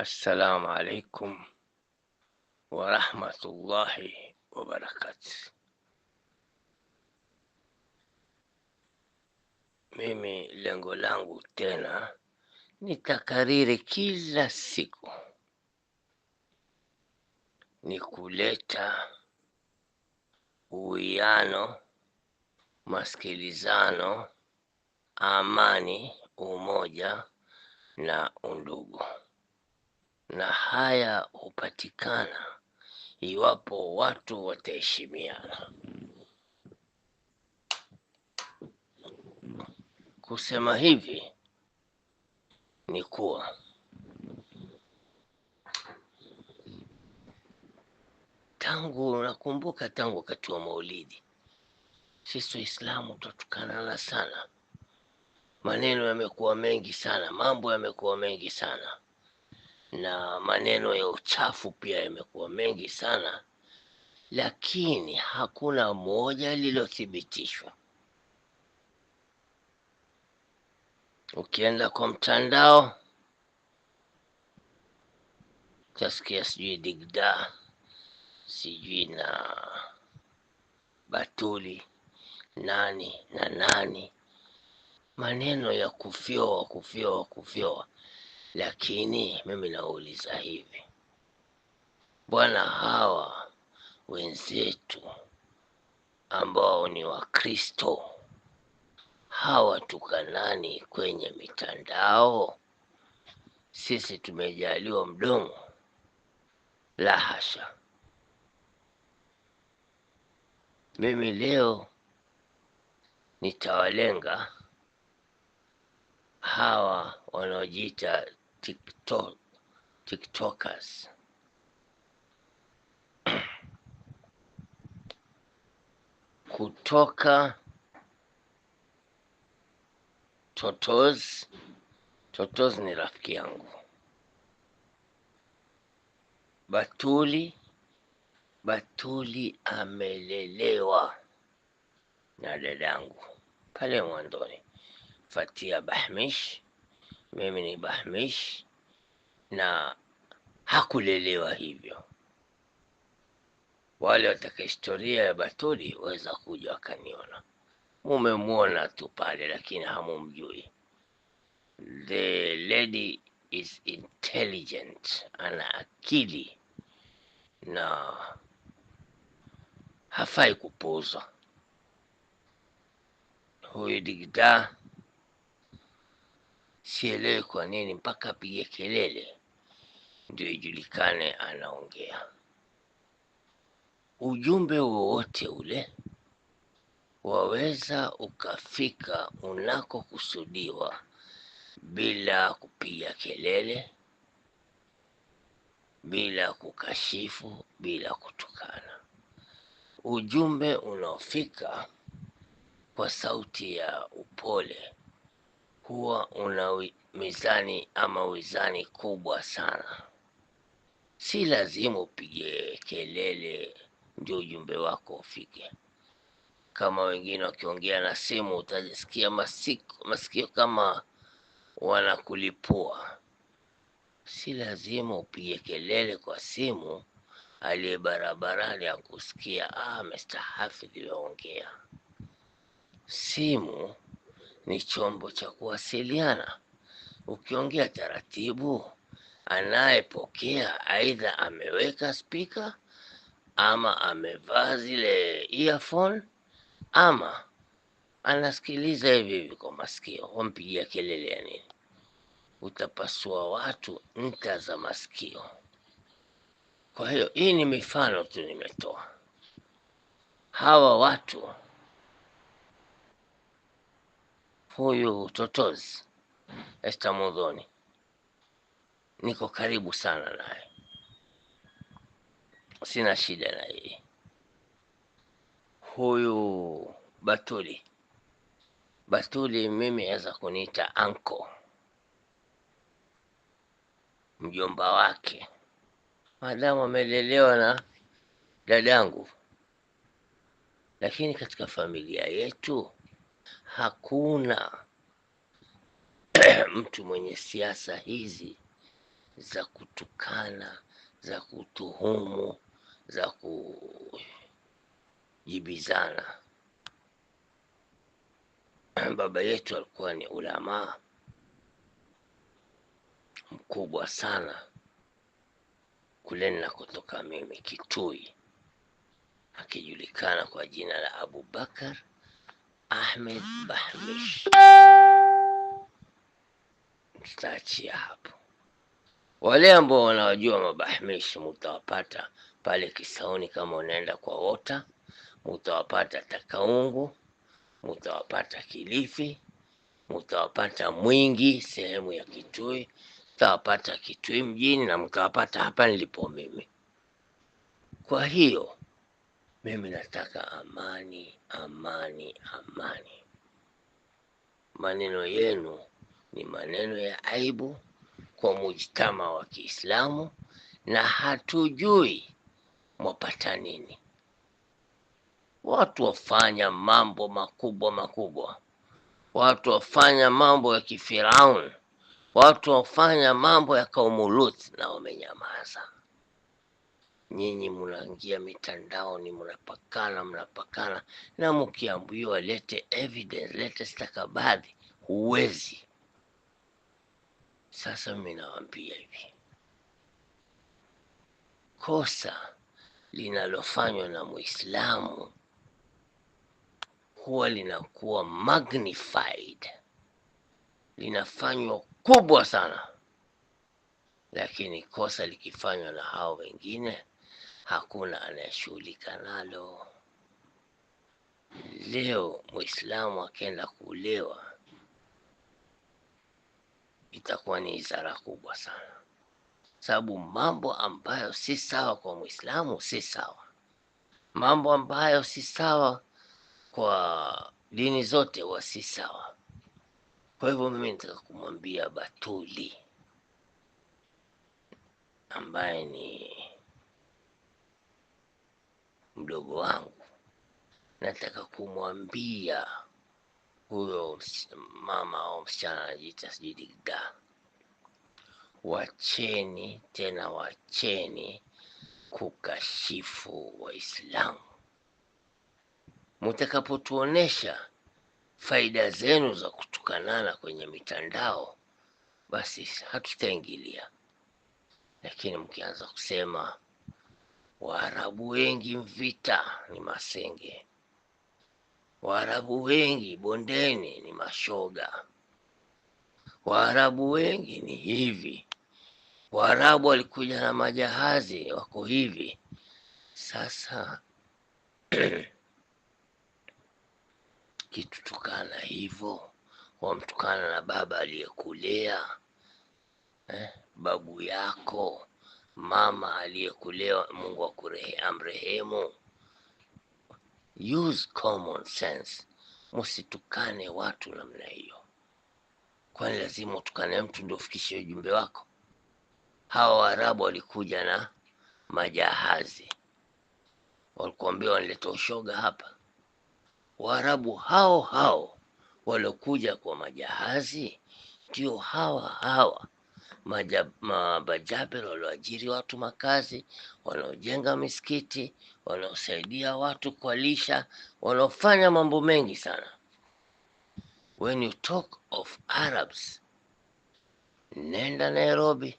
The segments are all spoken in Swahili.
Assalamu alaikum warahmatullahi وبركاته Mimi lengo langu tena nitakariri kila siku ni kuleta uwiano, masikilizano, amani, umoja na undugu na haya hupatikana iwapo watu wataheshimiana. Kusema hivi ni kuwa tangu nakumbuka, tangu wakati wa Maulidi sisi Waislamu tutatukanana sana, maneno yamekuwa mengi sana, mambo yamekuwa mengi sana na maneno ya uchafu pia yamekuwa mengi sana, lakini hakuna moja lililothibitishwa. Ukienda kwa mtandao utasikia sijui Digda, sijui na Batuli nani na nani, maneno ya kufyoa kufyoa kufyoa lakini mimi nauliza hivi, bwana, hawa wenzetu ambao ni Wakristo hawatukanani kwenye mitandao? Sisi tumejaliwa mdomo? La hasha! Mimi leo nitawalenga hawa wanaojiita TikTok, TikTokers. kutoka Totos. Totos ni rafiki yangu. Batuli, Batuli amelelewa na dadangu pale mwandoni Fatia Bahmish mimi ni Bahmish na hakulelewa hivyo. Wale wataka historia ya Baturi waweza kuja wakaniona, mumemwona tu pale, lakini hamumjui. The lady is intelligent, ana akili na hafai kupuuzwa. Huyu Digdaa sielewe kwa nini mpaka apige kelele ndio ijulikane anaongea. Ujumbe wowote ule waweza ukafika unakokusudiwa bila kupiga kelele, bila kukashifu, bila kutukana. Ujumbe unaofika kwa sauti ya upole huwa una mizani ama wizani kubwa sana. Si lazima upige kelele ndio ujumbe wako ufike. Kama wengine wakiongea na simu, utasikia masikio kama wanakulipua. Si lazima upige kelele kwa simu, aliye barabarani akusikia. Ah, Mr. Hafidh ameongea. Simu ni chombo cha kuwasiliana. Ukiongea taratibu, anayepokea aidha ameweka spika ama amevaa zile earphone ama anasikiliza hivi hivi kwa masikio, wampigia kelele ya nini? Utapasua watu nta za masikio. Kwa hiyo hii ni mifano tu nimetoa. Hawa watu huyu Totozi Esther Modhoni, niko karibu sana naye, sina shida na yeye. Huyu Batuli Batuli, mimi aweza kuniita anko, mjomba wake, madamu amelelewa na dadangu, lakini katika familia yetu hakuna mtu mwenye siasa hizi za kutukana, za kutuhumu, za kujibizana. Baba yetu alikuwa ni ulamaa mkubwa sana kule ninakotoka mimi Kitui, akijulikana kwa jina la Abubakar Ahmed Bahmish. Tutaachia hapo. Wale ambao wanawajua mabahmish mutawapata pale Kisauni, kama unaenda kwa Wota mutawapata Takaungu, mutawapata Kilifi, mutawapata Mwingi sehemu ya Kitui, mtawapata Kitui mjini na mtawapata hapa nilipo mimi. Kwa hiyo mimi nataka amani, amani, amani. Maneno yenu ni maneno ya aibu kwa mujtama wa Kiislamu, na hatujui mwapata nini. Watu wafanya mambo makubwa makubwa, watu wafanya mambo ya kifiraun, watu wafanya mambo ya kaumuluth na wamenyamaza nyinyi mnaingia mitandaoni, mnapakana mnapakana, na mkiambiwa lete evidence, lete stakabadhi, huwezi. Sasa mimi nawaambia hivi, kosa linalofanywa na Muislamu huwa linakuwa magnified, linafanywa kubwa sana, lakini kosa likifanywa na hao wengine hakuna anayeshughulika nalo. Leo Muislamu akienda kuulewa itakuwa ni izara kubwa sana, sababu mambo ambayo si sawa kwa Muislamu si sawa, mambo ambayo si sawa kwa dini zote huwa si sawa. Kwa hivyo mimi nitaka kumwambia Batuli ambaye ni mdogo wangu, nataka kumwambia huyo mama au msichana anajiita sijui Digda, wacheni tena, wacheni kukashifu Waislamu. Mtakapotuonesha faida zenu za kutukanana kwenye mitandao, basi hatutaingilia, lakini mkianza kusema Waarabu wengi Mvita ni masenge, Waarabu wengi bondeni ni mashoga, Waarabu wengi ni hivi. Waarabu walikuja na majahazi, wako hivi sasa. Kitu tukana hivyo, wamtukana na baba aliyekulea eh, babu yako mama aliyekulewa, Mungu amrehemu. Use common sense, msitukane watu namna hiyo. Kwani lazima utukane mtu ndio ufikishe ujumbe wako? Hawa Waarabu walikuja na majahazi, walikuambia wanileta ushoga hapa. Waarabu hao hao waliokuja kwa majahazi ndio hawa hawa mabajabe walioajiri watu makazi, wanaojenga misikiti, wanaosaidia watu kualisha, wanaofanya mambo mengi sana. When you talk of Arabs, nenda Nairobi,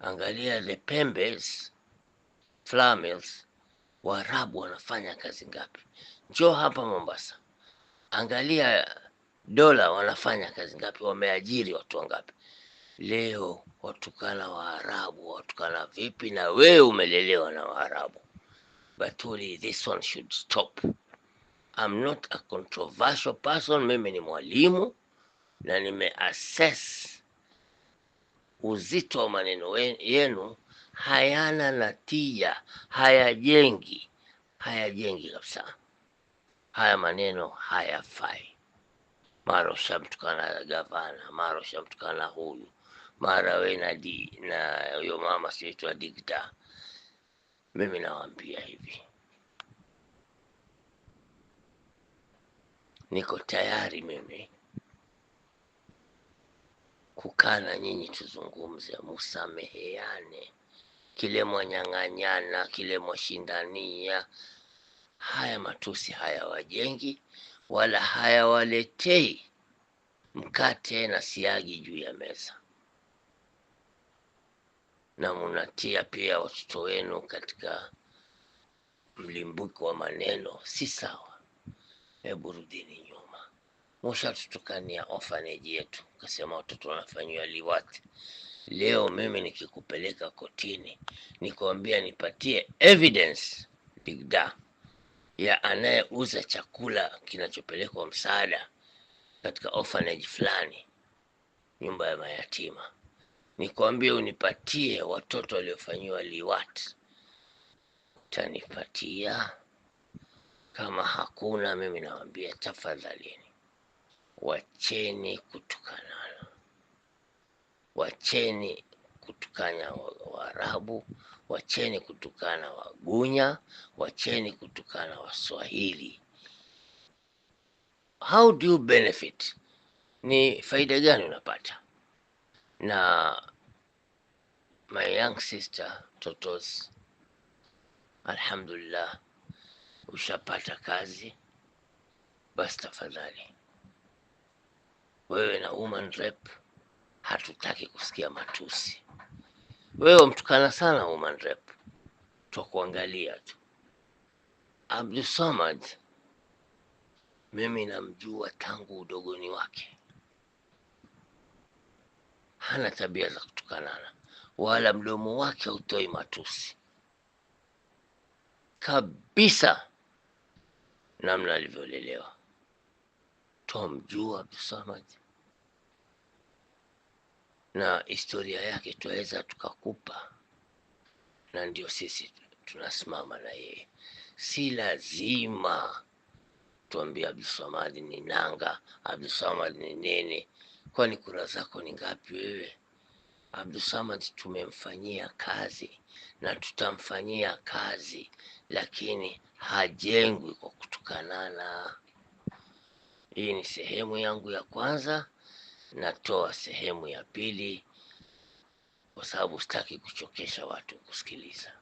angalia the Pembes, Flamils, Waarabu wanafanya kazi ngapi? Njoo hapa Mombasa, angalia dola wanafanya kazi ngapi, wameajiri watu wangapi? Leo Watukana Waarabu, Watukana vipi? Na wewe umelelewa na Waarabu. Batuli, this one should stop. I'm not a controversial person. Mimi ni mwalimu na nimeassess uzito wa maneno yenu. Hayana natija, hayajengi, hayajengi kabisa. Haya maneno hayafai. Mara ushamtukana gavana, mara ushamtukana huyu mara we na di na huyo mama siitwa dikta. Mimi nawaambia hivi, niko tayari mimi kukaa na nyinyi tuzungumze, musameheane kile mwanyang'anyana, kile mwashindania. Haya matusi hayawajengi wala hayawaletei mkate na siagi juu ya meza na munatia pia watoto wenu katika mlimbuko wa maneno, si sawa. Hebu rudini nyuma, mushatutokania ofaneji yetu, kasema watoto wanafanyiwa liwati. Leo mimi nikikupeleka kotini, nikuambia nipatie evidence bigda ya anayeuza chakula kinachopelekwa msaada katika orphanage fulani, nyumba ya mayatima nikwambie unipatie watoto waliofanyiwa liwat, utanipatia? Kama hakuna, mimi nawambia tafadhalini, wacheni kutukanana, wacheni kutukana Waarabu, wacheni kutukana Wagunya, wacheni kutukana Waswahili. How do you benefit? Ni faida gani unapata? na my young sister Totos, alhamdulillah, ushapata kazi, basi tafadhali wewe na woman rep, hatutaki kusikia matusi. Wewe wamtukana sana woman rep, twakuangalia tu. abdusamad mimi namjua tangu udogoni wake hana tabia za kutukanana, wala mdomo wake hautoi matusi kabisa, namna alivyolelewa. Twamjua Abdusamad na historia yake twaweza tukakupa, na ndio sisi tunasimama na yeye, si lazima tuambie Abdulsamad ni nanga, Abdulsamad ni nini? Kwani kura zako ni ngapi wewe? Abdulsamad tumemfanyia kazi na tutamfanyia kazi, lakini hajengwi kwa kutukanana. Hii ni sehemu yangu ya kwanza, natoa sehemu ya pili kwa sababu sitaki kuchokesha watu kusikiliza.